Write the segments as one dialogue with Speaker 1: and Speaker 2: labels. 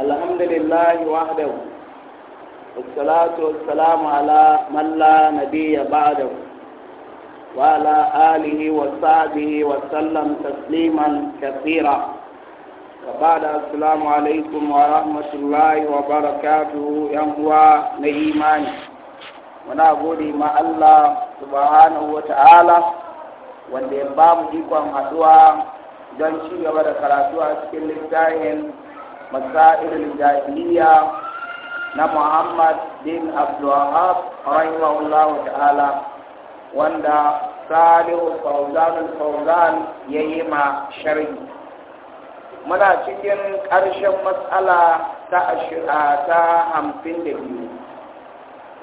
Speaker 1: alhamdulillahi wahdahu wassalatu wassalamu ala man wa ala wa sahbihi wa sallam tasliman katira wa yan uwa na imani muna gode ma Allah subhanahu wanda ya bamu ikon haduwa don ci gaba da karatu a cikin littafin مسائل الجاهلية محمد بن عبد الوهاب رحمه wanda تعالى وندا صالح ya الفوزان ma شرعي muna cikin ƙarshen matsala ta ashira ta hamsin da biyu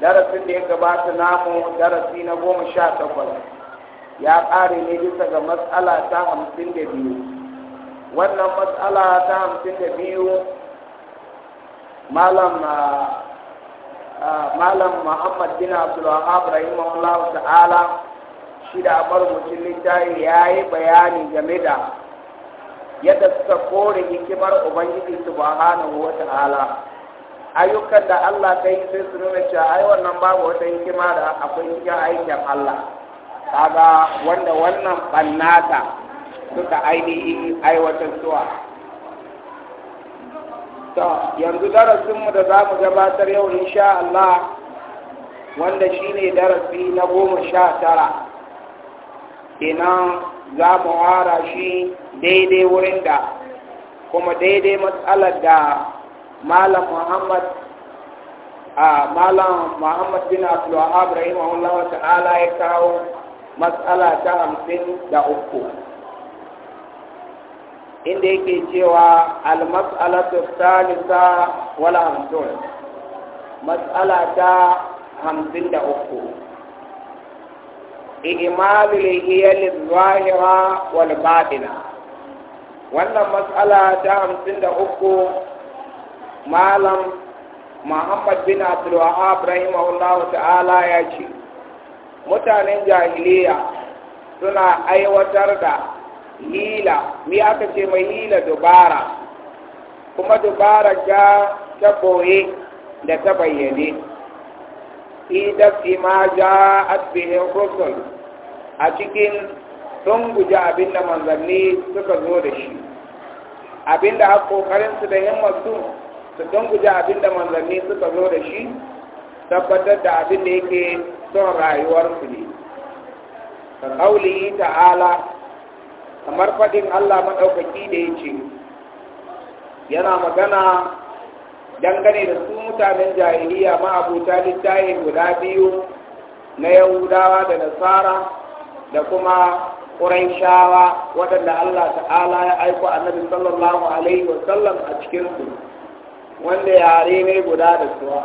Speaker 1: darasin da ya gabata namu darasi na goma sha takwas ya ƙare ne bisa ga matsala ta hamsin da biyu wannan matsala ta hamsin da biyu malam ah, ah, muhammad bin abdulwahab rahimahullahu ta'ala shi da marubucin littafi ya yi bayani game da yadda suka kore hikimar ubangiji subhanahu wa ta'ala ayyukan da Allah ta yi sai su nuna cewa ai wannan babu wata hikima da akwai cikin aikin Allah kaga wanda wannan bannata suka ainihin aiwatar to yanzu darasinmu da za mu gabatar yau insha Allah wanda shine darasi na goma sha tara kenan za mu hara shi daidai wurin da kuma daidai matsalar da malam muhammad a malam muhammad bin abdullahi ibrahim wa ta'ala ya kawo matsala ta hamsin da uku inda yake cewa almas'alatu salisa wal hamsun mas'ala ta hamsin da uku i'malu lihiyal zahira wal batina wannan mas'ala ta hamsin da uku malam muhammad bin abdul wahab rahimahullahu ta'ala ya ce mutanen jahiliya suna aiwatar da hila mi aka ce mai hila dubara kuma dubara ja ta boye da ta bayyane ida fi ma ja asbihin rusul a cikin sun guji abin da manzanni suka zo da shi abin da kokarin su da himmatu su sun guji abin da manzanni suka zo da shi tabbatar da abin da yake son rayuwarsu ne ka ƙauli ta'ala kamar faɗin Allah maɗaukaki da ya ce yana magana dangane da su mutanen jahiliya ma'abuta littayin guda biyu na yahudawa da nasara da kuma ƙuraishawa waɗanda Allah ta'ala ya aiko annabi sallallahu alaihi wa sallam a cikinsu wanda yare ne guda da suwa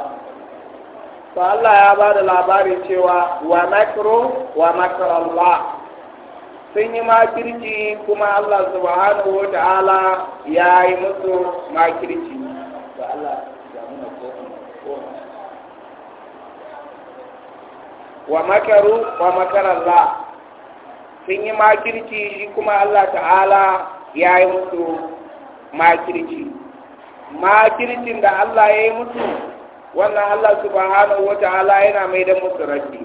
Speaker 1: to Allah ya ba da labarin cewa wa makro wa sun yi makirci kuma Allah subhanahu wa ta'ala ya yi musu makirci Allah ya wa makaru wa Allah sun yi makirci shi kuma Allah ta'ala ya yi musu makirci makircin da Allah ya yi musu wannan Allah subhanahu wa ta'ala yana mai da musu rashi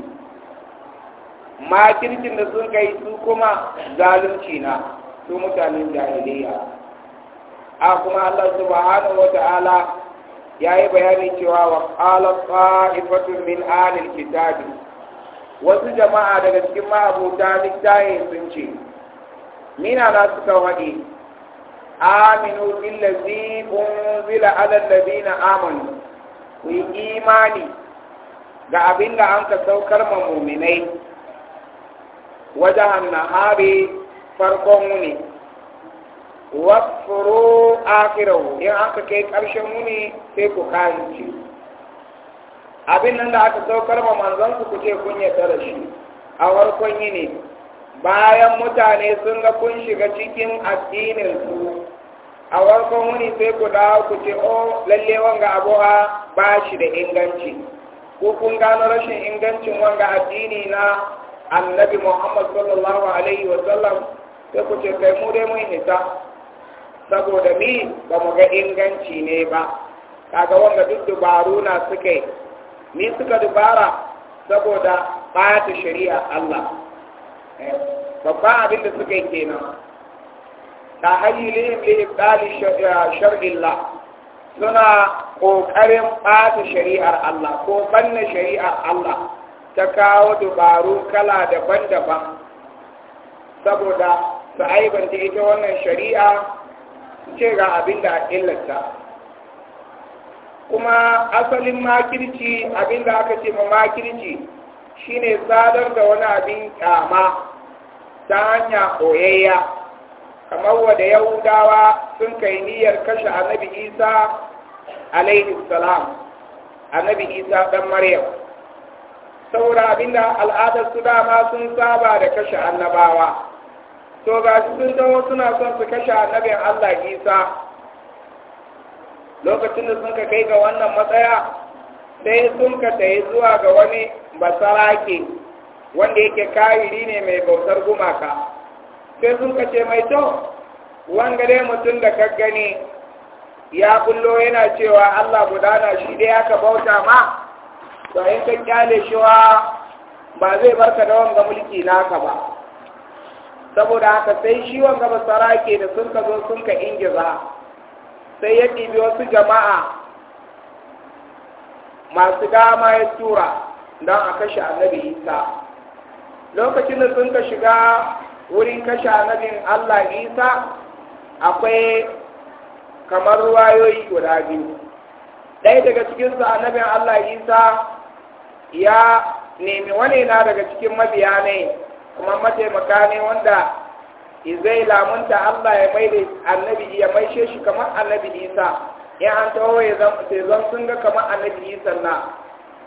Speaker 1: makircin da sun kai su kuma zalunci na su mutanen jahiliya a kuma Allah subhanahu Ta'ala ya yi bayani cewa wa qala qa'ifatun min alil kitabi wasu jama'a daga cikin ma'abuta littaye sun ce mina na suka waɗi aminu billazi unzila ala alladhina amanu ku yi imani ga abinda da an ka saukar ma muminai wajahan nahari farkon wuni wasfuru akirahu in aka kai ƙarshen wuni sai ku kayanci abin nan da aka saukar ma manzon ku kuce kunya yarda da shi a warkon yini bayan mutane sun ga kun shiga cikin addinin su a warkon wuni sai ku dawo ku ce o oh, lalle wanga abuwa ba shi da inganci ko kun gano rashin ingancin wanga addini na annabi muhammad sallallahu alaihi wa sallam sai ku ce kai mu dai mun hita saboda ni ba mu ga inganci ne ba kaga wanda duk dubaru na suke ni suka dubara saboda ɓata shari'a Allah eh, babban abin da suka kenan ta hajjilin liɓɗali eh, shar'illah suna ƙoƙarin ɓata shari'ar Allah ko banna shari'ar Allah ta kawo dubaru kala daban-daban saboda su aibanta ita wannan shari'a ce ga abin da illata kuma asalin makirci abin da aka ce ma makirci ne sadar da wani abin kyama ta hanya koyayya kamar wadda yahudawa sun kai niyyar kashe annabi isa alaihi salam annabi isa dan maryam saboda abinda al'adar su dama sun saba da kashe annabawa to ga shi sun taho suna son su kashe annabin Allah Isa lokacin da sun ka kai ga wannan matsaya sai sun ka zuwa ga wani basarake wanda yake kayiri ne mai bautar gumaka sai sun ka ce mai kyau. wanga dai mutum da ka gani ya kullo yana cewa Allah gudana shi dai aka bauta ma to in ka kyale shiwa ba zai barka da wanga mulki naka ba saboda haka sai shi wanga ba ke da sun ka zo sun ka ingiza sai ya ɗibi wasu jama'a masu dama ya tura don a kashe annabi isa lokacin da sun ka shiga wurin kashe annabin allah isa akwai kamar ruwayoyi guda biyu ɗaya daga cikinsu annabin allah isa ya nemi wani na daga cikin mabiya ne kuma mataimaka ne wanda zai lamunta Allah ya mai da annabi ya maishe shi kamar annabi Isa in an taho ya zan sun ga kamar annabi Isa na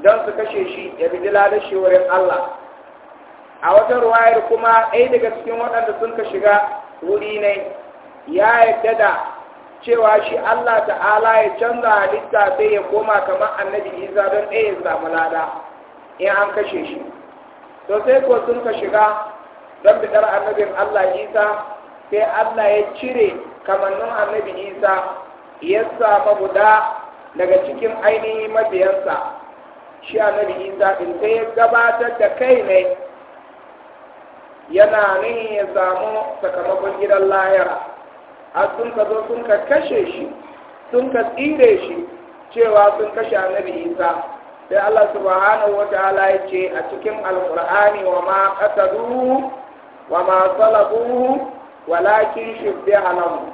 Speaker 1: don su kashe shi ya bi da shi wurin Allah a wata ruwayar kuma ɗaya daga cikin waɗanda sun ka shiga wuri ne ya yadda da cewa shi Allah ta'ala ya canza halitta sai ya koma kamar annabi Isa don ɗaya ya samu lada in an kashe shi to sai ko sun ka shiga don bidar annabin Allah Isa sai Allah ya cire kamannin annabi Isa ya sa guda daga cikin ainihin mabiyansa shi annabi Isa din sai ya gabatar da kai ne yana nan ya samu sakamakon gidan layar. a sun ka zo sun ka kashe shi sun ka tsire shi cewa sun kashe annabi Isa sai Allah subhanahu wa ta'ala ya ce a cikin alqur'ani wa ma qataluhu wa ma salabuhu walakin shibbi alam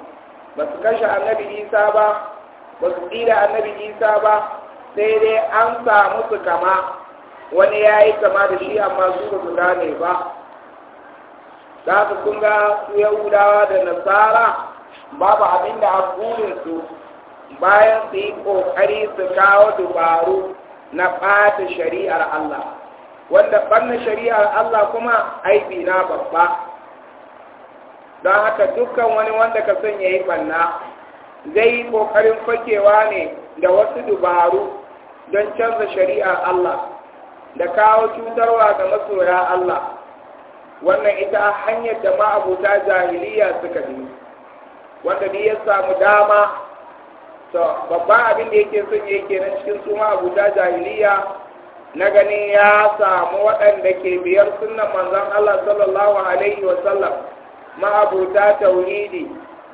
Speaker 1: basu kashe annabi Isa ba basu ɗida annabi Isa ba sai dai an samu su kama wani yayi kama da shi amma su ba su gane ba za su kunga su yahudawa da nasara babu abin da a bayan su yi ƙoƙari su kawo dubaru na ɓata shari'ar Allah wanda ɓanna shari'ar Allah kuma aibi na babba don haka dukkan wani wanda ka son ya yi ɓanna zai yi ƙoƙarin fakewa ne da wasu dubaru don canza shari'ar Allah da kawo cutarwa ga masoya Allah wannan ita hanyar da ma'abuta jahiliya suka bi wanda ni ya samu dama to babban abin da yake son yake na cikin suma abuja jahiliya na gani ya samu waɗanda ke biyar sunan manzan Allah sallallahu alaihi wa sallam ma'abuta tauhidi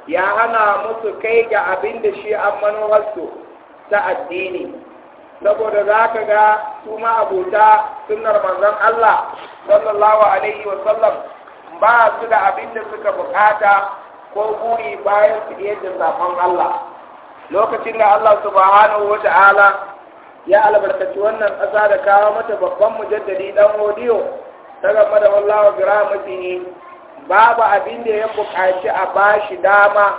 Speaker 1: ya hana musu kai ga abin da shi an manuwarsu ta addini saboda za ka ga su ma'abuta sunar manzan Allah sallallahu alaihi wa ba su da abin da suka bukata ko buri bayan su iya Allah lokacin da Allah subhanahu wa ta'ala ya albarkaci wannan ƙasa da kawo mata babban mujaddadi dan hodiyo ta gama da wallawa ne. babu abin da ya buƙaci a bashi dama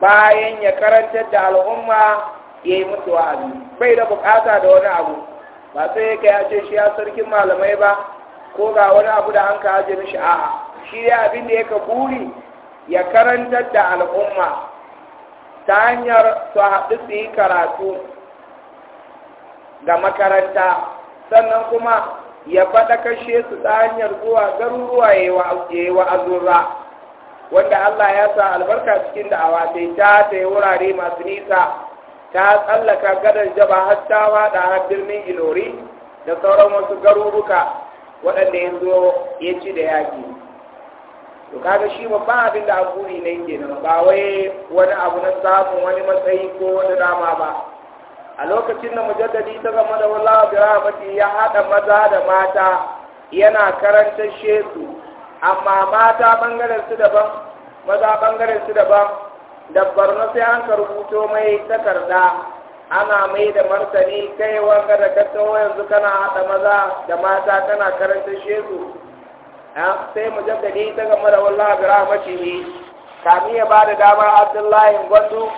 Speaker 1: bayan ya karantar da al'umma ya yi mutu wa'azi bai da buƙata da wani abu ba sai ya kai ce shi ya sarkin malamai ba ko ga wani abu da an ka aje mishi a'a shi ya abin da ya ka buri ya karantar da al'umma ta hanyar su haɗu su yi karatu ga makaranta sannan kuma ya faɗa kashe su ta hanyar zuwa garuruwa ya yi wa'azurra wanda Allah ya sa albarka cikin da'awa sai ta ta yi wurare masu nisa ta tsallaka gadar jaba hattawa da har birnin ilori da sauran wasu garuruka waɗanda yanzu ya ci da yaƙi to kaga shi babban abin da aburi ne kenan ba wai wani abu na samu wani matsayi ko wani dama ba a lokacin da mujaddadi ta zama da wallahi bi rahmati ya hada maza da mata yana karantar shesu amma mata bangaren su daban maza bangaren su daban dabbar na sai an ka mai takarda ana mai da martani kai wanga da ka yanzu kana hada maza da mata kana karantar shesu sai mujaddadi ta gama da wallah bi rahmatihi kami ya ba da dama abdullahi gwandu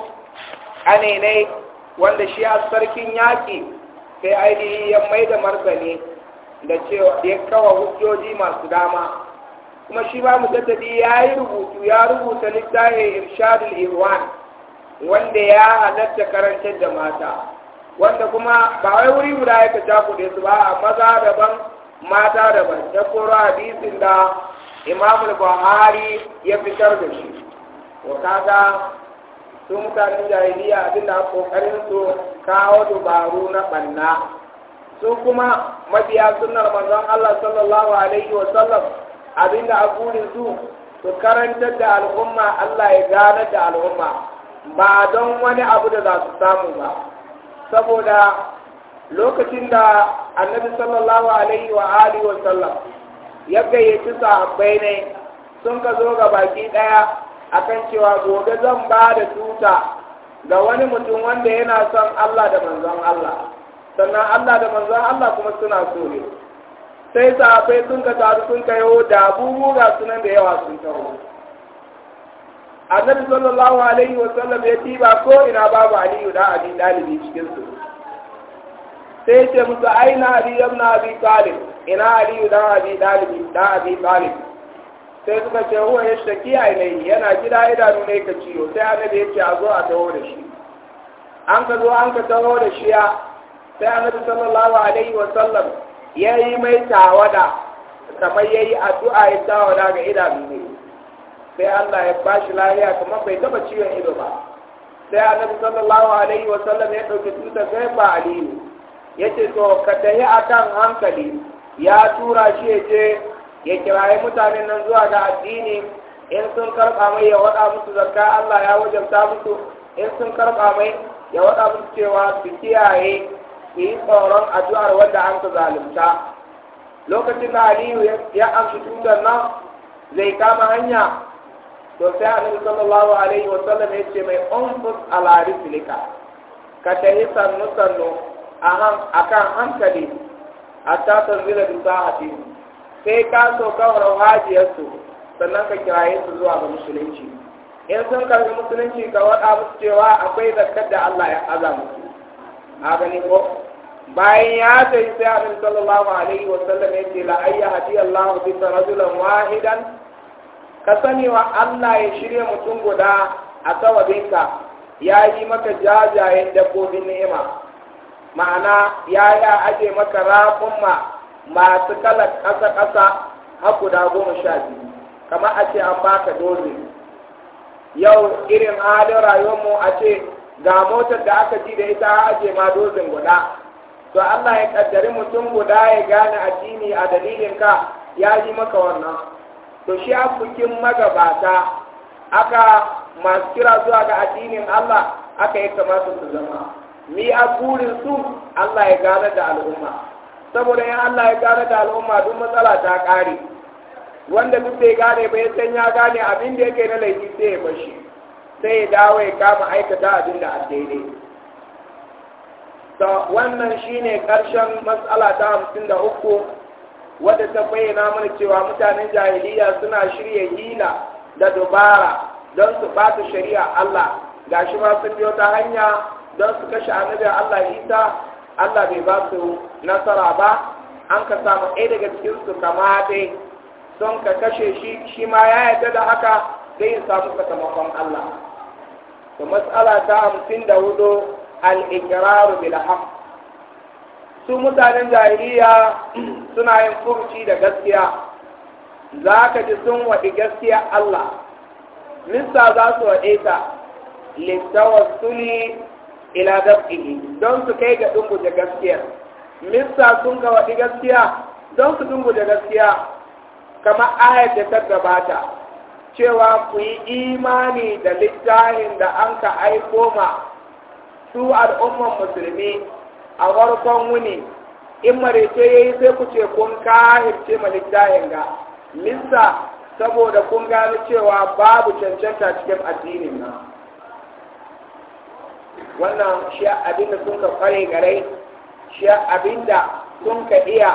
Speaker 1: anene wanda shi a sarkin yaƙi sai ainihi ya mai da martani da cewa ya kawo hujjoji masu dama kuma shi ba mujaddadi ya yi rubutu ya rubuta littafin irshadul irwan wanda ya halatta karantar da mata wanda kuma ba wai wuri guda ya ta cakuɗe su ba a maza daban mata daban ya koro hadisin da imam buhari ya fitar da shi wa kaga su mutanen jahiliya abinda kokarin su kawo dubaru na banna su kuma mabiya sunnar manzon Allah sallallahu alaihi wa sallam abinda burin su su karantar da al'umma Allah ya gane da al'umma ba don wani abu da za su samu ba saboda lokacin da annabi sallallahu alaihi wa alihi wa sallam ya gayyaci sahabbai ne sun ka zo ga baki daya akan cewa gobe zan ba da tuta ga wani mutum wanda yana son Allah da manzon Allah sannan Allah da manzon Allah kuma suna so ne sai sahabbai sun ka taru sun ka yau da abubuwa ga sunan da yawa sun taho annabi sallallahu alaihi wa sallam ya tiba ko ina babu aliyu da abin dalibi cikin su sai ce musu aina ali yamna abi talib ina ali dan abi talib da abi talib sai suka ce huwa ya shaki ainihi yana gida idanu ne ka ciwo sai annabi ya ce a zo a taho da shi an ka zo an ka taho da shi ya sai annabi sallallahu alaihi wa sallam ya yi mai tawada kamar ya yi addu'a ya tawada ga idanu ne sai Allah ya shi lafiya kamar bai taba ciwon ido ba sai annabi sallallahu alaihi wa sallam ya dauki tutar sai ba aliyu ya ce to ka tafi a kan hankali ya tura shi ya ce ya kiraye mutanen nan zuwa ga addini in sun karɓa mai ya waɗa musu zarka Allah ya wajabta musu in sun karɓa mai ya waɗa musu cewa su kiyaye su yi tsoron addu'ar wanda an ka zalunta lokacin da Aliyu ya amshi tutar nan zai kama hanya to sai annabi sallallahu alaihi wa sallam ya ce mai unfus ala rislika ka yi sannu sannu akan hankali hatta tanzila ta sa'ati sai ka so kawar hajiyarsu sannan ka kiraye su zuwa ga musulunci in sun karbi musulunci ka waɗa musu cewa akwai zakkar da Allah ya aza musu a gani ko bayan ya yi sai abin sallallahu alaihi wa sallam ya ce la ayya hadi Allah bi rajulan wahidan ka sani wa Allah ya shirye mutum guda a sababinka ya yi maka jajayen dabbobin ni'ima ma'ana yaya ake maka ma masu kalar ƙasa-ƙasa har guda goma sha biyu kamar a ce an baka dozin yau irin halin rayuwarmu a ce ga motar da aka ji da ita ajiye ma dozin guda to Allah ya kaddari mutum guda ya gane addini a dalilin ka ya yi maka wannan to shi a fukin magabata aka masu kira zuwa ga addinin Allah aka yi kamata su zama mi a burin su Allah ya gane da al'umma saboda yin Allah ya gane da al'umma duk matsala ta ƙare wanda duk bai gane ba ya san ya gane abin da yake na laifi sai ya bashi sai ya dawo ya kama aikata abin da a daidai ta wannan shine ƙarshen matsala ta hamsin da uku wadda ta bayyana mana cewa mutanen jahiliya suna shirya hila da dubara don su ɓata shari'a Allah shi ma sun biyo ta hanya don su kashe annabi Allah Isa Allah bai ba su nasara ba an ka samu ɗaya daga cikinsu su kama dai don ka kashe shi shi ma ya yadda da haka zai ya samu sakamakon Allah to matsala ta hamsin da hudu al-iqrar su mutanen jahiliya suna yin furuci da gaskiya za ka ji sun waɗi gaskiya Allah nisa za su waɗe ta suni ila dafihi don su kai ga da gaskiya misa sun ga wadi gaskiya don su da gaskiya kama ayat da ta gabata cewa ku yi imani da littafin da an ka aiko ma su al'umman musulmi a warkon wuni in marece ya yi sai ku ce kun kahirce ma littafin ga mista saboda kun gano cewa babu cancanta cikin addinin nan wannan shi abin sun ka kware garai shi abin sun ka iya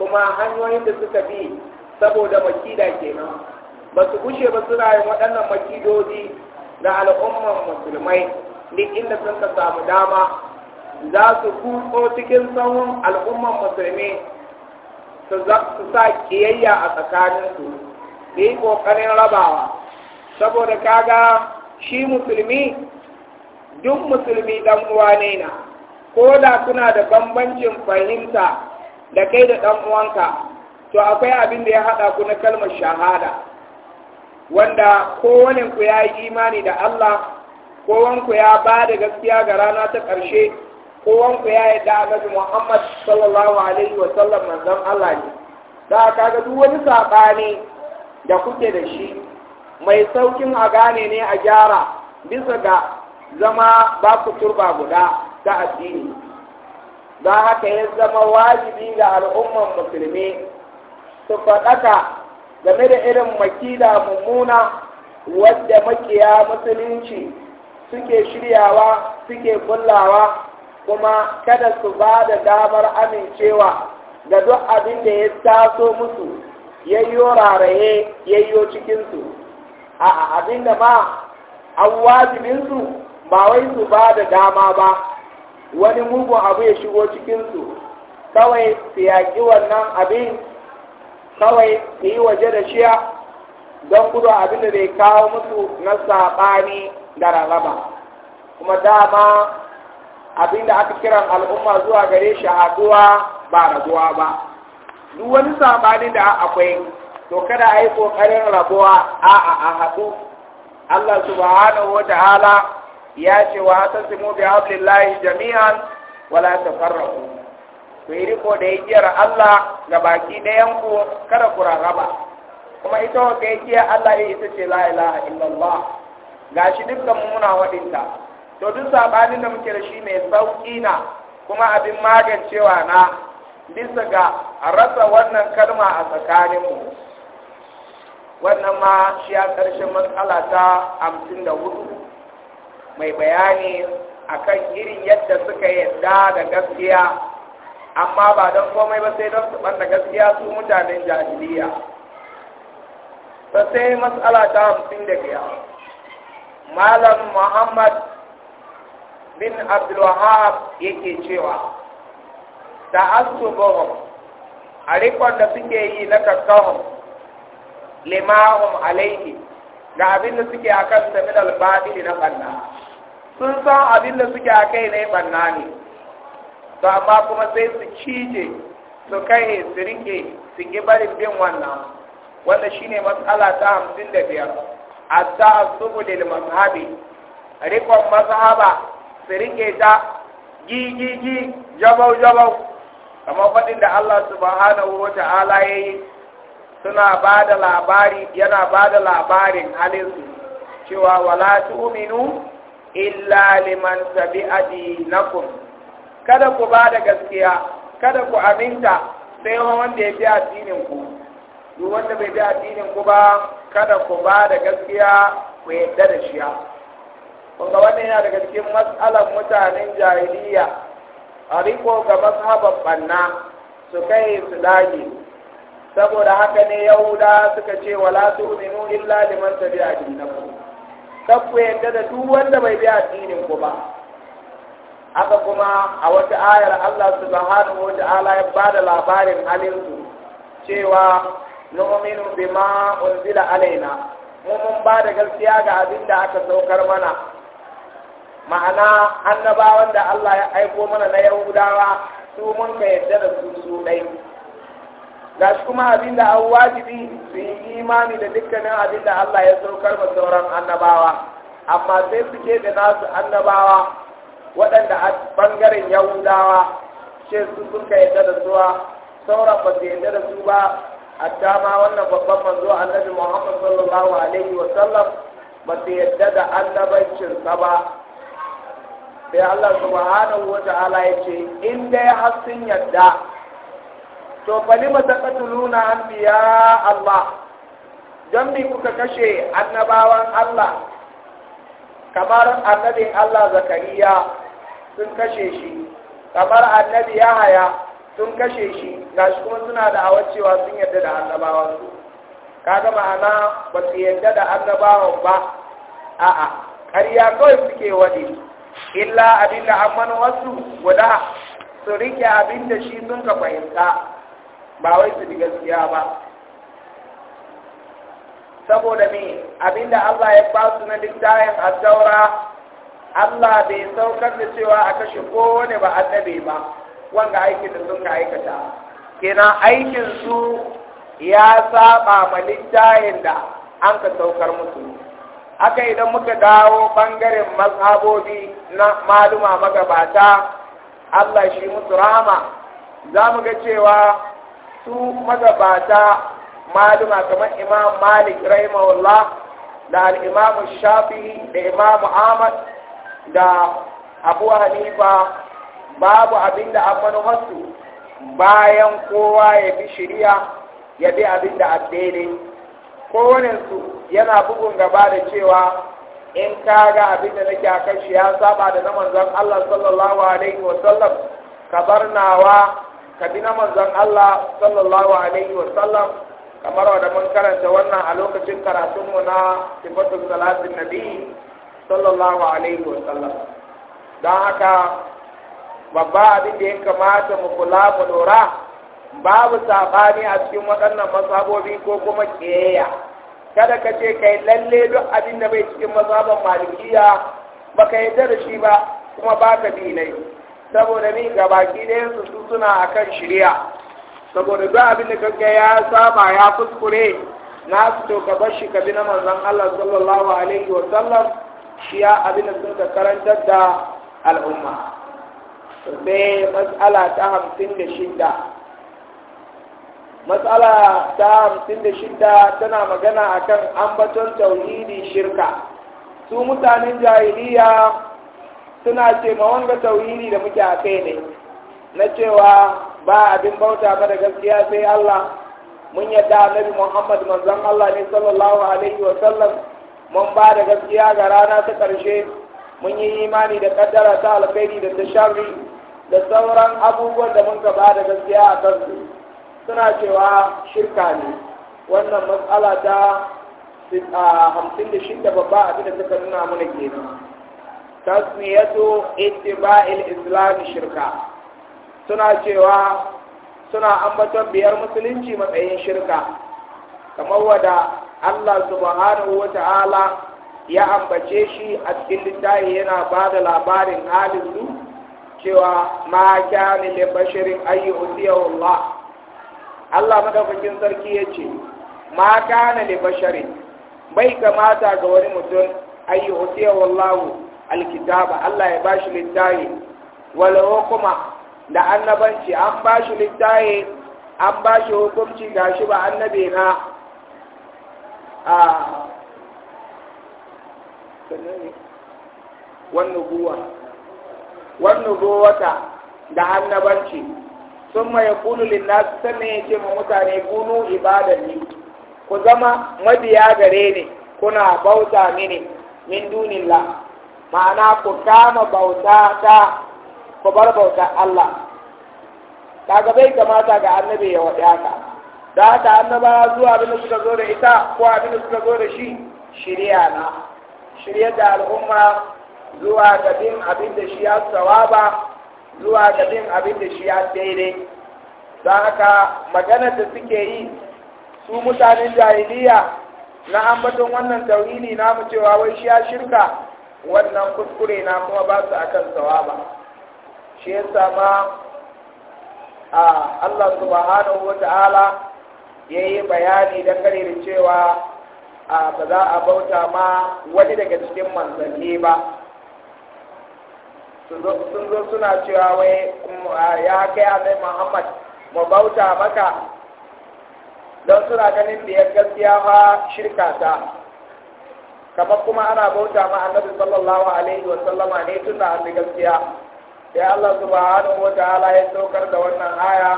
Speaker 1: kuma hanyoyin da suka bi saboda makida kenan ba su gushe ba suna yin waɗannan makidodi na al'umman musulmai duk inda sun ka samu dama za su kutso cikin tsawon al'umman musulmi su sa kiyayya a tsakaninsu su yi ƙoƙarin rabawa saboda kaga shi musulmi duk musulmi dan uwa ne na ko da kuna da bambancin fahimta da kai da dan uwanka to akwai abin da ya haɗa ku na kalmar shahada wanda kowane ku ya yi imani da Allah kowan ku ya ba da gaskiya ga rana ta ƙarshe kowan ku ya yarda annabi Muhammad sallallahu alaihi wa sallam manzon Allah ne da kaga duk wani sabani da kuke da shi mai saukin a gane ne a gyara bisa ga zama ba ku turba guda ta addini don haka ya zama wajibi ga al'umman musulmi su faɗaka game da irin makila mummuna wadda makiya musulunci suke shiryawa suke kullawa kuma kada su ba da damar amincewa ga duk abin da ya taso musu yayyo raraye yayyo cikinsu a abin da ma an wajibinsu ba wai su ba da dama ba wani mugun abu ya shigo cikinsu kawai su yaƙi wannan abin kawai su yi waje da shiya don gudu abin da zai kawo musu na saɓani da rarraba kuma dama abin da aka kiran al'umma zuwa gare shi haɗuwa ba rabuwa ba duk wani saɓani da akwai to kada a yi ƙoƙarin rabuwa a a haɗu Allah subhanahu wa ta'ala ya ce wa atasimu bi hablillahi jami'an wala tafarraqu ku yi riko da igiyar Allah ga baki ɗayan ku kada ku raraba kuma ita wata igiyar Allah ya ita ce la ilaha illallah gashi dukkan muna waɗinta to duk sabanin da muke da shi mai sauƙi na kuma abin magancewa na bisa ga rasa wannan kalma a tsakaninmu wannan ma shi a ƙarshen matsala ta hamsin da hudu mai bayani akan irin yadda suka yadda da gaskiya amma ba don komai ba sai don su ɓanda gaskiya su mutanen jahiliya sai matsala ta hamsin da biya malam muhammad bin abdulwahab yake cewa da asubuhum a rikon da suke yi na kakkahun limahum alaihi ga abin da suke a kan min al ne na banna sun san abin da suke a kai ne banna ne to amma kuma sai su cije su kai su rike su ki barin bin wannan wanda shine matsala ta hamsin da biyar a ta taassubu da mazhabi rikon mazhaba su rike ta gigigi jabau jabau kamar faɗin da Allah subhanahu wa ta'ala yi. suna ba da labari yana ba da labarin halinsu cewa wala tu'minu illa liman tabi'a dinakum kada ku ba da gaskiya kada ku aminta sai wanda ya bi addinin ku duk wanda bai bi addinin ku ba kada ku ba da gaskiya ku yadda da shi kun ga wannan yana daga cikin matsalar mutanen jahiliya a riko ga mazhabar banna su kai su dage saboda haka ne yahuda suka ce wala tu'minu illa liman tabi'a dinakum kakku yadda da duk wanda bai bi addinin ku ba haka kuma a wata ayar Allah subhanahu Ta'ala ya bada labarin halin su cewa nu'minu bima unzila alaina mu mun bada gaskiya ga abin da aka saukar mana ma'ana annabawan da Allah ya aiko mana na yahudawa su mun ka yadda da su su ɗai ga shi kuma abin da an wajibi su yi imani da dukkanin abin da Allah ya saukar ma sauran annabawa amma sai su ke da nasu annabawa waɗanda a ɓangaren yahudawa ce su sun ka yadda da zuwa. sauran ba su yadda da su ba a ma wannan babban manzo annabi muhammad sallallahu alaihi wa sallam ba su yadda da annabancinsa ba sai Allah subhanahu wa ta'ala ya ce in dai har sun yadda to falima taqatuluna anbiya Allah dan bi kuka kashe annabawan Allah kamar annabin Allah Zakariya sun kashe shi kamar annabi Yahaya sun kashe shi gashi kuma suna da awacewa sun yarda da annabawan su kaga ma'ana ba su yarda da annabawan ba a'a ƙarya kawai suke wani. illa abinda amman wasu guda su rike abinda shi sun ka fahimta ba wai su bi gaskiya ba saboda me abinda Allah ya ba su na littafin azaura Allah bai saukar da cewa a kashe kowane ba annabi ba wanda aikin da sun aikata kenan aikin su ya saba ma littafin da an ka saukar musu haka idan muka dawo bangaren mazhabobi na maluma magabata Allah shi musu rahama za mu ga cewa su magabata maluma kamar imam malik rahimahullah da al-imam shafi da imam ahmad da abu hanifa babu abinda an masu bayan kowa ya bi shirya ya bi abinda addini su yana bugun gaba da cewa in ka ga abin da nake akan shi ya saba da na manzon Allah sallallahu alaihi wa sallam ka barnawa ka bi na manzon Allah sallallahu alaihi wa sallam kamar wanda mun karanta wannan a lokacin karatunmu na sifatu salatin nabi sallallahu alaihi wa sallam don haka babba abin da ya kamata mu kula mu lura babu sabani a cikin waɗannan masabobi ko kuma keya kada ka ce kai lalle duk abin da bai cikin masaban malikiya baka yarda da shi ba kuma baka bi nai saboda ni ga baki su su suna akan shirya saboda duk abin da kanka ya saba ya kuskure na su to ka bar shi ka bi na manzon Allah sallallahu alaihi wa sallam shi ya abin da sun karantar da al'umma sai mas'ala ta hamsin da shida matsala ta hamsin da shidda tana magana akan ambaton tauhidi shirka su mutanen jahiliya suna ce ma wanga tauhidi da muke a kai ne na cewa ba abin bauta ba da gaskiya sai Allah mun yadda annabi Muhammad manzon Allah ne sallallahu alaihi wa sallam mun ba da gaskiya ga rana ta karshe mun yi imani da kaddara ta alkhairi da ta sharri da sauran abubuwan da mun ba da gaskiya a kansu suna cewa shirka ne wannan matsala ta hamsin babba abin da suka nuna mana kenan tasmiyatu ittiba'il islam shirka suna cewa suna ambaton biyar musulunci matsayin shirka kamar wada Allah subhanahu wa ta'ala ya ambace shi a cikin littafi yana ba da labarin halin su cewa ma kyani li basharin ayyu Allah Allah madaukakin sarki ya ce ma kana li basharin bai kamata ga wani mutum ayyu wallahu. alkitaba Allah ya bashi littafi Wala hukuma da annabanci an bashi littafi an bashi hukunci gashi ba annabi na a wannan wannubuwata da annabanci sun mai kunu linnasu sannan ya ce ma mutane kunu ibadan ne ku zama mabiya gare ne kuna bauta mini min la. ma'ana ku kama bauta ta ku bar bauta Allah kaga bai kamata ga annabi ya waɗi haka da haka annaba zuwa abin suka zo da ita ko abin da suka zo da shi shirya na shirya da al'umma zuwa ga bin abin da shi ya tsawaba zuwa ga bin abin da shi ya daidai don haka maganar da suke yi su mutanen jahiliya na ambaton wannan tauhidi na cewa wai shi ya shirka wannan kuskure na kuma ba su akan sawaba shi yasa ma a Allah subhanahu ya yi bayani da kare da cewa a ba za a bauta ma wani daga cikin manzanni ba sun zo suna cewa wai ya kai zai Muhammad mu bauta maka don suna ganin da ya gaskiya ma shirka ta kamar kuma ana bauta ma annabi sallallahu alaihi wa sallama ne tun da hannu gaskiya sai Allah subhanahu wa ta'ala ya saukar da wannan aya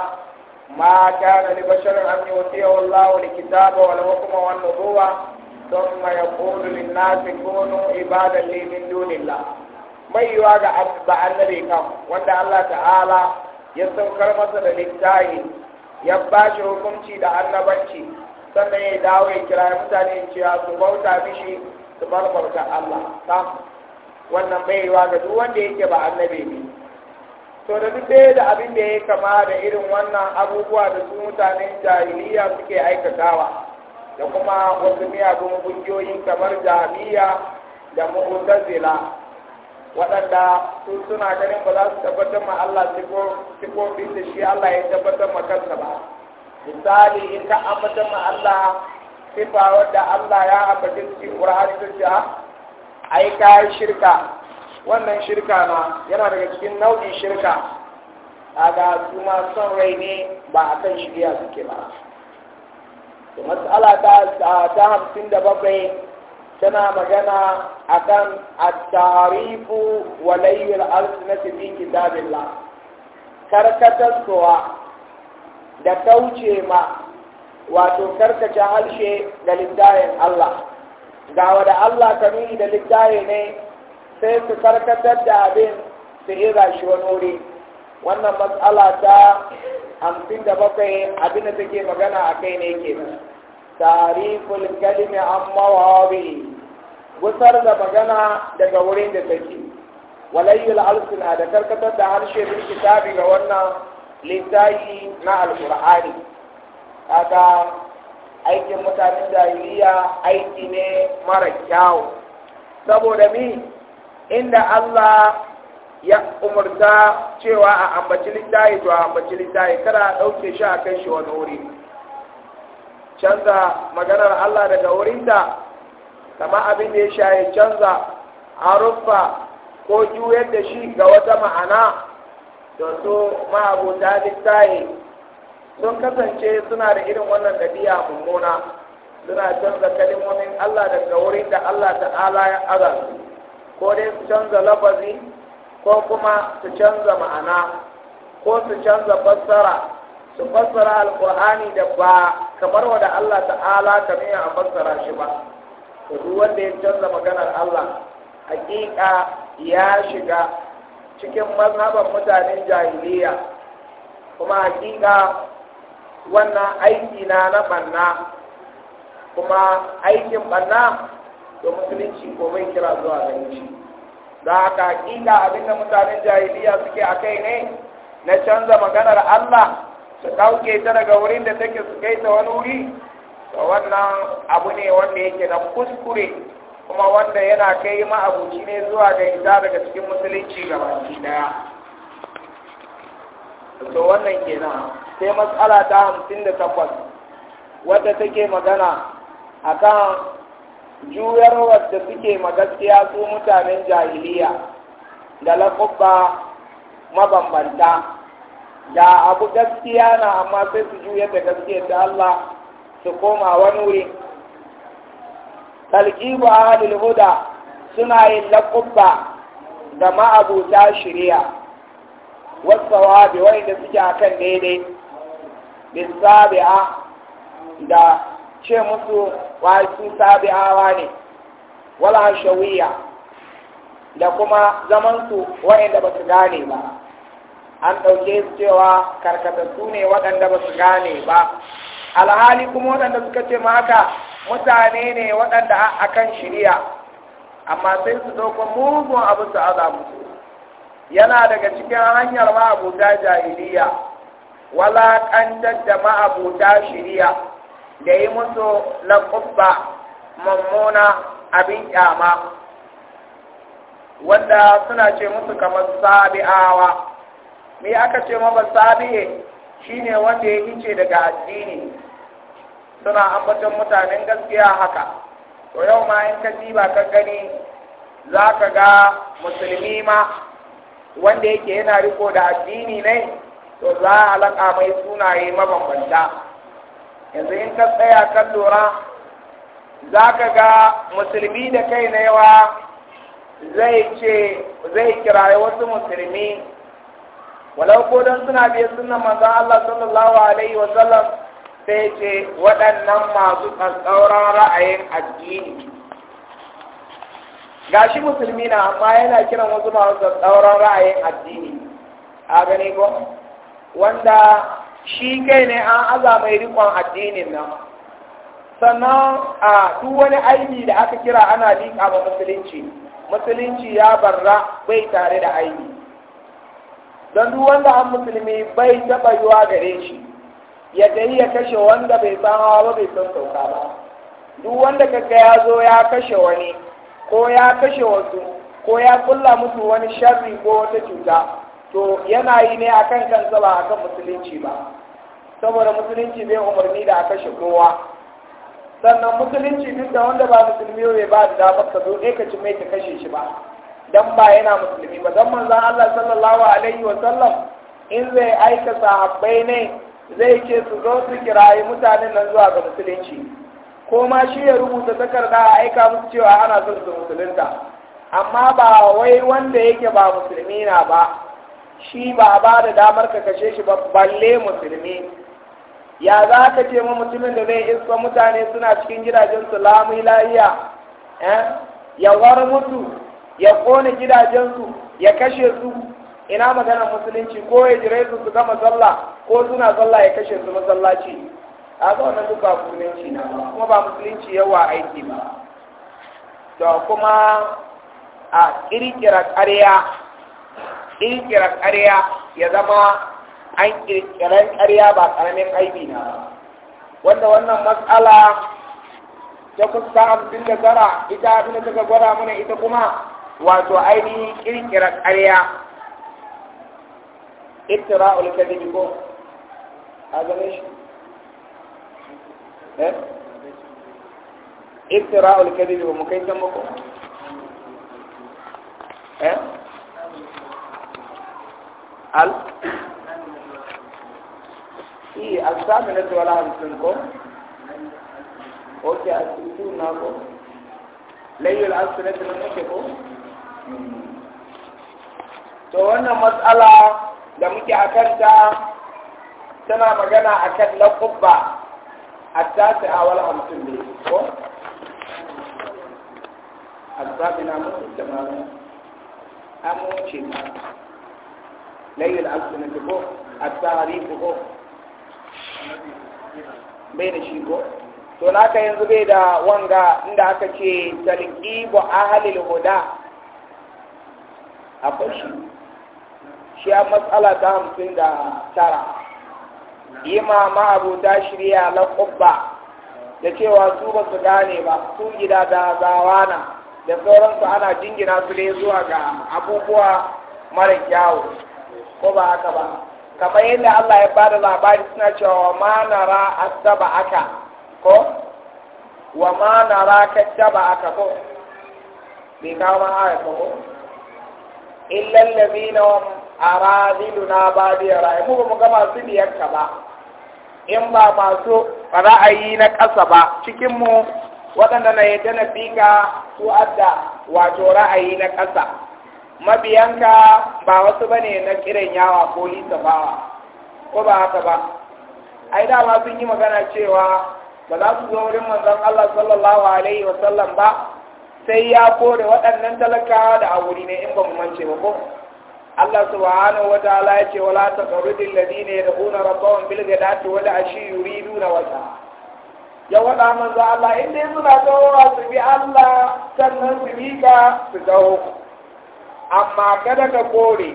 Speaker 1: ma kana li basharin an yusiya wallahu li kitaba wal hukma wan nubuwa thumma yaqulu lin nasi kunu ibadan li min dunillah mai yiwa ga abba annabi wanda Allah ta'ala ya saukar masa da littafi ya bashi hukunci da annabanci sannan ya dawo ya kira mutane cewa su bauta mishi su bar Allah ta? wannan bai wa ga duk wanda yake ba annabi ne to da duk da abin da ya kama da irin wannan abubuwa da su mutanen jahiliya suke aikatawa da kuma wasu miyagun kungiyoyi kamar jami'a da mu'tazila waɗanda su suna ganin ba za su tabbatar ma Allah sifofin da shi Allah ya tabbatar ma kansa ba misali in ka ambata ma Allah sifa wadda Allah ya ambace cikin Qur'ani ta ce ah, ai kai shirka wannan shirka ma yana daga cikin nau'in shirka su ma son rai ne ba akan shirya suke ba to mas'ala ta ta hamsin da bakwai tana magana akan at-tarifu wa layyul alsinati fi kitabillah karkatarwa da kauce ma wato karkace harshe da littayin Allah ga wada Allah kami da littafi ne sai su karkatar da abin su ira shi wani wuri wannan matsala ta hamsin da bakwai abin da take magana a kai ne ke tariful kalimi an mawawi gusar da magana daga wurin da take walayyul alsuna da karkatar da harshe bin kitabi ga wannan littafi na alkur'ani kaga aikin mutanen jahiliya aiki ne mara kyau. saboda mi inda Allah ya umarta cewa a ambaci littahi to a ambaci littahi kada a ɗauke shi a kai shi wani wuri canza maganar Allah daga wurinta kama abin da ya sha ya canza a rufa ko juyar da shi ga wata ma'ana da su ma'abuta littahi sun kasance suna da irin wannan dabi'a mummuna suna canza kalimomin Allah daga wurin da Allah ta'ala ya aza su ko dai su canza lafazi ko kuma su canza ma'ana ko su canza fassara su fassara alƙur'ani da ba kamar wanda Allah ta'ala nuna a fassara shi ba to duk wanda ya canza maganar Allah hakika ya shiga cikin mazhaban mutanen jahiliya kuma hakika wannan aiki na na banna kuma aikin banna da musulunci ko mai kira zuwa gani Za da haka hakika abinda mutanen jahiliya suke a kai ne na canza maganar Allah su ɗauke ta daga wurin da take su kai ta wani wuri to wannan abu ne wanda yake na kuskure kuma wanda yana kai ma'abuci ne zuwa ga ita daga cikin musulunci gabaki daya to wannan kenan sai matsala ta hamsin da takwas wadda take magana a kan juyarwar da suke magaskiya su mutanen jahiliya da lafubba mabambanta da abu gaskiya na amma sai su juya da gaskiya ta Allah su koma wani wuri talqibu a huda suna yin laƙubba da ma'abuta shari'a wasu sawabi wanda suke akan daidai bisabi'a da ce musu wai su sabi'awa ne wala shawiya da kuma zamansu su waɗanda ba su gane ba an ɗauke su cewa karkatattu ne waɗanda ba su gane ba alhali kuma waɗanda suka ce maka mutane ne waɗanda a kan shirya amma sai su ɗauka mugun abu su aza yana daga cikin hanyar ma ta jahiliya walaƙantar da ma'abuta shiriya da yi musu kubba mummuna abin yama. wanda suna ce musu kamar sabi'awa me aka ce maba sabi'e shine wanda ya hice daga addini suna ambaton mutanen gaskiya haka to yau ma in ka diba ka gani za ka ga musulmi ma wanda yake yana riko da addini ne to za a halaka mai sunaye mabambanta yanzu in ka tsaya kan lura za ka ga musulmi da kai na yawa zai ce zai kiraye wasu musulmi walau ko don suna biye sunan manzan Allah sallallahu alaihi wa sallam sai ce waɗannan masu tsatsauran ra'ayin addini gashi musulmi na amma yana kiran wasu masu tsatsauran ra'ayin addini a gani ko wanda shi kai ne an aza mai rikon addinin nan sannan a duk wani aini da aka kira ana liƙa ba musulunci musulunci ya barra bai tare da aini don duk wanda an musulmi bai taɓa yiwa gare shi ya gari ya kashe wanda bai san hawa ba bai san sauka ba duk wanda kaga ya zo ya kashe wani ko ya kashe wasu ko ya kulla musu wani sharri ko wata cuta to yana yi ne akan kansa ba akan musulunci ba saboda musulunci bai umarni da aka kowa sannan musulunci duk da wanda ba musulmi bai ba da damar ka zo ne ka ci mai ka kashe shi ba dan ba yana musulmi ba dan manzon Allah sallallahu alaihi wa sallam in zai aika sahabbai ne zai ce su zo su kirayi mutanen nan zuwa ga musulunci ko ma shi ya rubuta takarda a aika musu cewa ana son su musulunta amma ba wai wanda yake ba musulmi na ba shi ba ba da damar ka kashe shi ba balle musulmi ya za ka ce ma musulmin da zai iska mutane suna cikin gidajen su lamun lahiya eh? ya war mutu ya kone gidajen su ya kashe su ina magana musulunci ko ya jire su su gama sallah ko suna sallah ya kashe su masallaci a ga wannan duk ba musulunci na kuma ba musulunci yawa aiki ba to kuma a kirkira ƙarya ƙirƙirar ƙarya ya zama an ƙirƙirar ƙarya ba ƙaramin aibi na ba wanda wannan matsala ta kusa abin da tara ita abin da suka gwada mana ita kuma wato ainihin ƙirƙirar ƙarya ittira'ul kadhibi ko a ganin shi eh ittira'ul ko mu kai can mako eh al i alsaminatu wala hamsin ko oke asibitin na ko layyul alsinatu na neke ko to wannan matsala da muke a kanta tana magana a kan laƙubba a tasi a wala hamsin ne ko a zaɓi na mutu jama'a mara amurce ma layil alsinati ko a tahrif ko bai da shi ko to naka yanzu bai da wanga inda aka ce a ahlil huda akwai shi shi a matsala ta hamsin da tara yi ma ma'abuta shirya laƙubba da cewa su ba su gane ba su gida da zawana da sauransu ana jingina su ne zuwa ga abubuwa mara kyawu ko ba haka ba kamar yadda Allah ya bada labari suna cewa ma nara asaba aka ko wa ma nara kattaba aka ko bai kawo ma haya ko ko illal ladina hum aradiluna badiya ra'ayi mu ba mu ga masu ka ba in ba masu ra'ayi na ƙasa ba cikin mu waɗanda na yadda na ka su adda wato ra'ayi na ƙasa mabiyanka ba wasu bane na kiran yawa ko lisafawa ko ba haka ba ai ma sun yi magana cewa ba za su zo wurin manzon Allah sallallahu alaihi sallam ba sai ya kore waɗannan talakawa da a wuri ne in ba mu mance ba ko Allah subhanahu wa ta'ala ya ce wala taqrudil ladina yad'una rabbahum bil ghadati wal ashi yuriduna wajha ya wada manzo Allah inda suna tawowa su bi Allah sannan su bi ka su dawo amma kada ka kore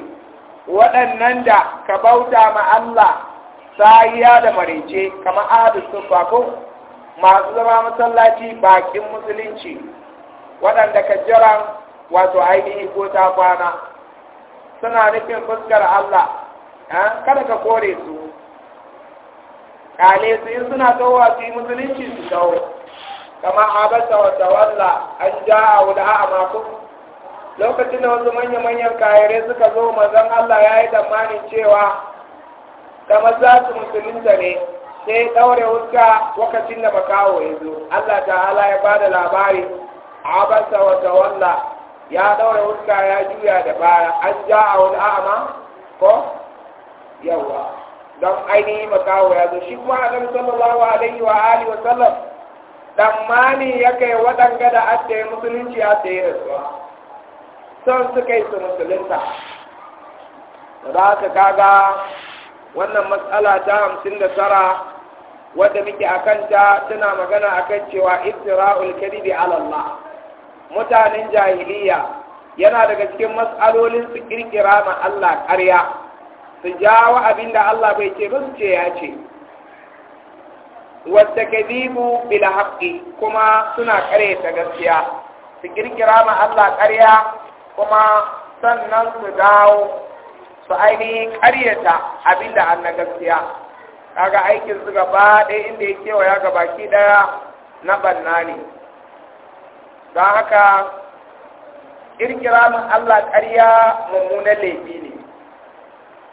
Speaker 1: waɗannan da ka bauta ma Allah sahiya da marece kamar adu sun fako masu zama masallaci bakin musulunci waɗanda ka jiran wato ainihi ko ta kwana suna nufin fuskar Allah kada ka kore su kale su yi suna tsawowa su yi musulunci su tsawo kama abasa wata walla an ja a wuda a makon lokacin da wasu manya-manyan kayare suka zo mazan Allah ya yi tsammanin cewa kamar za su da ne sai ɗaure wuska lokacin da makawo ya zo Allah ta'ala ya ba da labari abasa wata wanda ya ɗaure wuska ya juya da baya an ja a wani a'ama ko yawa don ainihin makawo ya zo shi kuma a ɗan sallallahu alaihi wa Ali wa sallam tsammani ya kai waɗanga da adda musulunci a tsaye da su son suka yi su musulunta da za ka kaga wannan matsala ta hamsin da tara wadda muke a kanta tana magana a kan cewa iftira'ul kadibi alalla mutanen jahiliya yana daga cikin matsalolin su kirkira ma Allah ƙarya su jawo abin da Allah bai ce ba su ce ya ce wadda kadibu bila haƙƙi kuma suna ƙare ta gaskiya su kirkira ma Allah ƙarya kuma sannan su dawo su ainihin karyata abinda an na gaskiya kaga aikin su gaba ɗaya inda ya ya gaba baki ɗaya na banna ne don haka kirkira Allah ƙarya mummunan laifi ne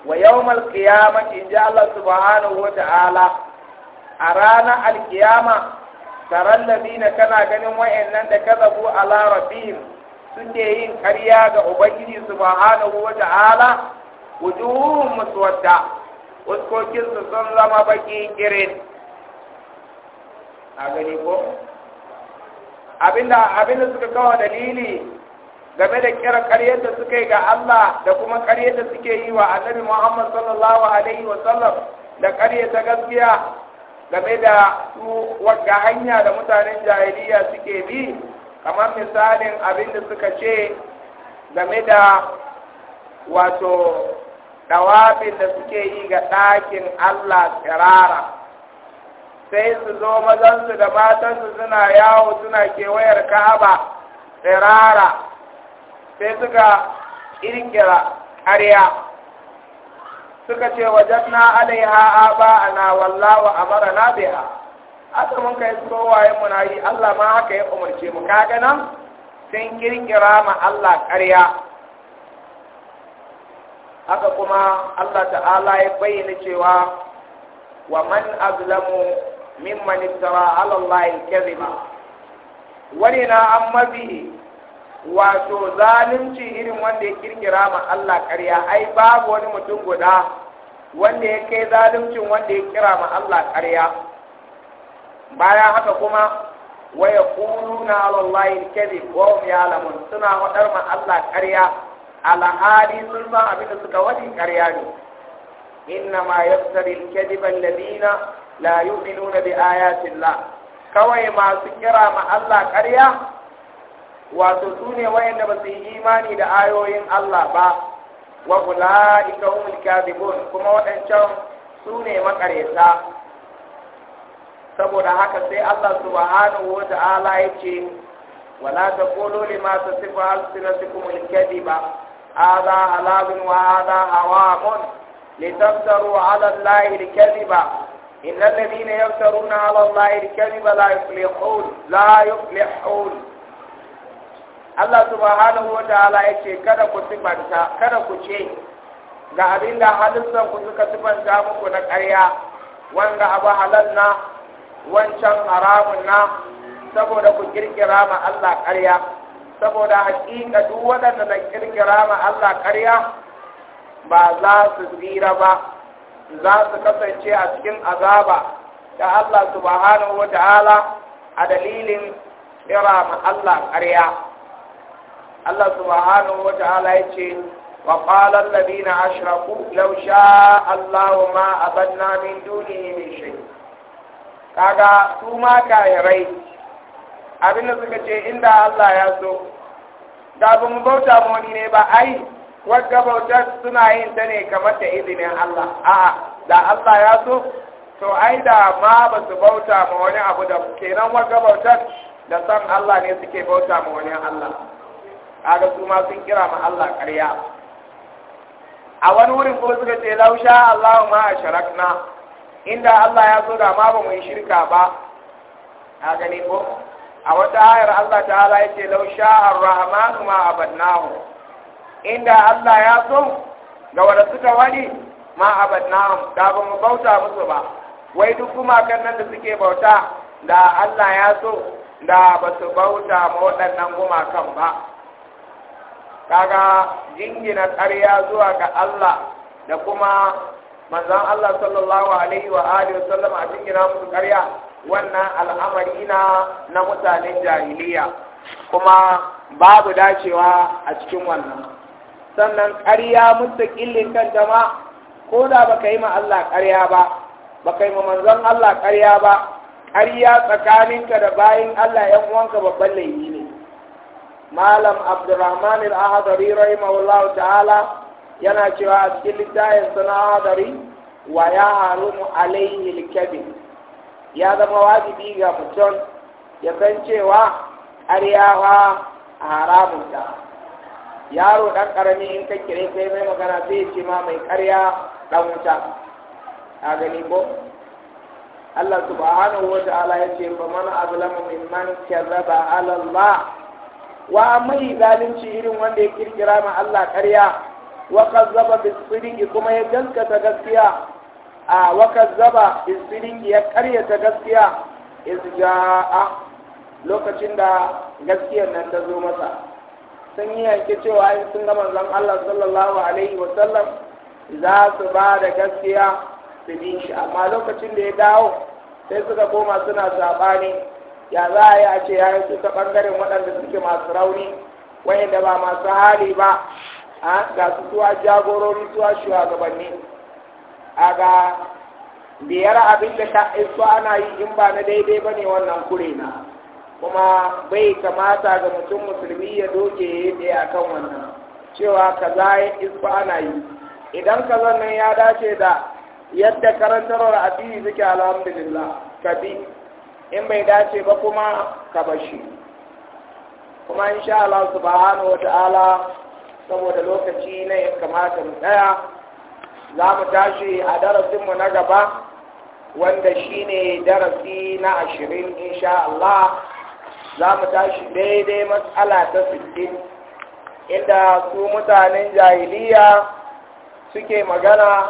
Speaker 1: wa yawmal qiyamati in ji Allah subhanahu wa ta'ala a ranar alkiyama taron labina kana ganin wa'annan da ka kazabu ala rabbihim ke yin karya ga ubangiji subhanahu wa ta'ala wujuhum muswadda uskokin su sun zama baki kirin a gani ko abinda abinda suka kawo dalili game da kira karyar da suka yi ga Allah da kuma karyar da suke yi wa annabi Muhammad sallallahu alaihi wa sallam da karyar ta gaskiya game da su wadda hanya da mutanen jahiliya suke bi kamar misalin abin da suka ce game da wato dawafin da suke yi ga ɗakin Allah tsirara sai su zo mazansu da matansu suna yawo suna kewayar ka'aba tsirara sai suka ƙirƙira ƙarya suka ce wajen na alaiha ba a na wallawa amara na biya mun kai tsowaye muna yi Allah ma haka ya umarce mu kaga nan sun kirkira ma Allah ƙarya haka kuma Allah ta'ala ya bayyana cewa wa man azlamu mimman iftara ala Allah kadhiba wani na an mafi wato zalunci irin wanda ya kirkira ma Allah ƙarya ai babu wani mutum guda wanda ya kai zaluncin wanda ya kira ma Allah ƙarya Baya haka kuma waya na alallahi kadhib ko hum ya'lamun suna wadar ma Allah karya alhali sun san abin da suka wadi karya ne inna ma yaftari alkadhib alladhina la yu'minuna bi ayati llah kawai masu kira ma Allah karya, wato su ne wayanda ba su yi imani da ayoyin Allah ba wa ulaika humul kadhibun kuma waɗancan su ne maƙaryata saboda haka sai Allah subhanahu wa ta'ala ya ce wala taqulu lima tasifu alsinatukum alkadiba hadha halalun wa hadha hawamun litaftaru ala allahi alkadiba innal ladhina yaftaruna ala allahi alkadiba la yuflihun la yuflihun Allah subhanahu wa ta'ala ya ce kada ku sifanta kada ku ce ga abinda halittar ku suka sifanta muku na ƙarya wanda abu halal na wancan haramun na saboda ku kirkira ma Allah ƙarya saboda haƙiƙa duk waɗanda na kirkira ma Allah ƙarya ba za su tsira ba za su kasance a cikin azaba da Allah subhanahu wa ta'ala a dalilin kira ma Allah ƙarya Allah subhanahu wa ta'ala ya ce وقال الذين أشركوا لو شاء الله ما أبدنا من دونه من شيء kaga su ma kayarai abinda suka ce inda Allah ya so da ba mu bauta mu wani ne ba ai wadda bautar suna yin ta ne kamar ta izinin Allah a'a da Allah ya so to ai da ma ba su bauta ma wani abu da kenan wadda bautar da san Allah ne suke bauta ma wani Allah kaga su ma sun kira ma Allah ƙarya a wani wurin ko suka ce lausha Allahu asharakna inda Allah ya so da ma ba yi shirka ba a gani ko a wata ayar Allah ta'ala yace lausha a ar kuma ma abadnahu inda Allah ya so ga wanda suka wani ma abadnahu da ba mu bauta musu ba wai duk kuma kan nan da suke bauta da Allah ya so da ba su bauta ma waɗannan gumakan ba kaga jingina ƙarya zuwa ga Allah da kuma manzon Allah sallallahu alaihi wa alihi wa a cikin musu ƙarya wannan al'amari na na mutanen jahiliya kuma babu dacewa a cikin wannan sannan ƙarya mustaqillin kan jama'a ko da baka yi ma Allah ƙarya ba baka yi ma manzon Allah ƙarya ba ƙarya tsakaninka da bayin Allah ‘yan uwanka babban laifi ne malam abdurrahman al-ahadari rahimahullahu ta'ala yana cewa a cikin littafin sana'a dari wa ya harumu alayhi likabi ya zama wajibi ga mutum ya san cewa ƙaryawa a haramun ta yaro ɗan ƙarami in ka kire kai mai magana sai ce ma mai ƙarya ɗan wuta a gani ko Allah subhanahu wa ta'ala ya ce fa man azlamu mimman kazzaba ala Allah wa mai zalunci irin wanda ya kirkira ma Allah ƙarya wa kazzaba bisiringi kuma ya gaskata gaskiya a wa kazzaba bisiringi ya karyata gaskiya izja'a lokacin da gaskiyar nan ta zo masa Sanyi yi cewa in sun ga manzon Allah sallallahu alaihi wa za su ba da gaskiya su bi shi amma lokacin da ya dawo sai suka koma suna saɓani. ya za a yi a ce ya yi su ta ɓangaren waɗanda suke masu rauni wayanda ba masu hali ba a ga su suwa jagorori suwa shugabanni a ga biyar abin da ta iso ana yi in ba na daidai ba ne wannan kure na kuma bai kamata ga mutum musulmi ya doke ya yi a kan wannan cewa kaza ya iso ana yi idan ka nan ya dace da yadda karantarwar addini suke alhamdulillah ka bi in bai dace ba kuma ka bashi kuma insha Allah subhanahu wa ta'ala saboda lokaci na ya kamata mu tsaya za mu tashi a darasinmu na gaba wanda shine darasi na ashirin insha Allah za mu tashi daidai matsala ta sittin inda su mutanen jahiliya suke magana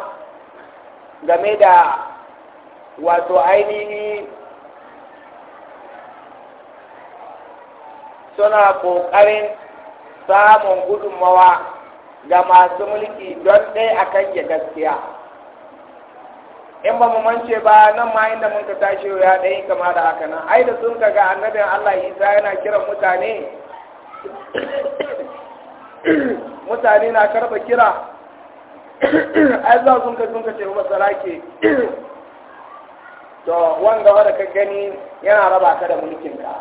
Speaker 1: game da wato ainihi suna ƙoƙarin samun gudunmawa ga masu mulki don ɗaya a kan ya gaskiya in ba mu mance ba nan ma inda mun ka tashi ya ɗaya kama da haka nan ai da sun ka ga annabin Allah Isa yana kiran mutane mutane na karɓa kira ai za sun ka sun ka ce ke to wanga wanda ka gani yana raba ka da mulkinka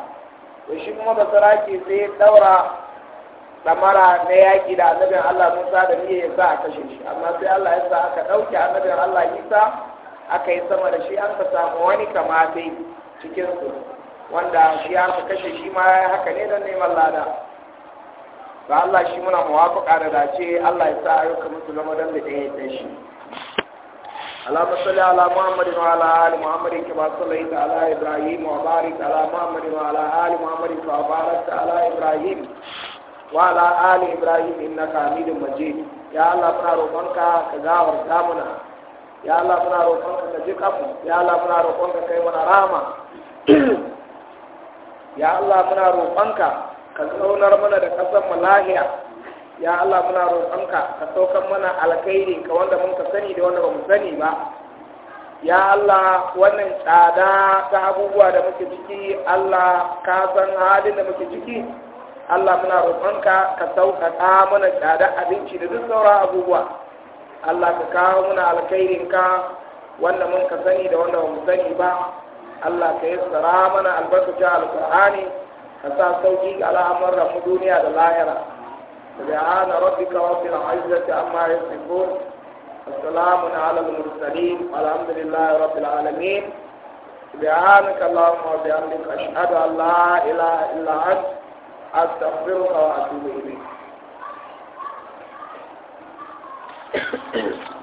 Speaker 1: to shi kuma ke sai ya daura tsamara na yaƙi da annabin Allah Musa da niyya ya sa a kashe shi amma sai Allah ya sa aka ɗauke annabin Allah Isa aka yi sama da shi an ka samu wani kamate cikin su wanda shi an ka kashe shi ma haka ne don neman lada ba Allah shi muna muwafaƙa da dace Allah ya sa ayyuka musu zama don da ɗaya ya shi اللهم صل على محمد وعلى ال محمد كما صليت على ابراهيم وبارك على محمد وعلى ال محمد وبارك على ابراهيم wala ali ibrahim innaka hamidun majid ya allah muna roƙon ka ka gawarta muna ya allah muna roƙon ka ka ji kafu ya allah muna roƙon ka kai mana rama ya allah muna roƙon ka ka tsaunar mana da ƙasar mu ya allah muna roƙon ka ka saukan mana alkhairi ka wanda mun ka sani da wanda ba mu sani ba ya allah wannan tsada ta abubuwa da muke ciki allah ka san halin da muke ciki Allah muna roƙonka ka sauƙaƙa mana tsada abinci da duk sauran abubuwa Allah ka kawo muna ka wanda mun ka sani da wanda mu sani ba Allah ka yassara mana albarkacin alƙur'ani ka sa sauƙi ga al'amuran mu duniya da lahira سبحان ربك رب العزة عما يصفون السلام على المرسلين والحمد لله رب العالمين سبحانك اللهم وبحمدك أشهد أن لا إله إلا أنت أستغفرك وأتوب إليك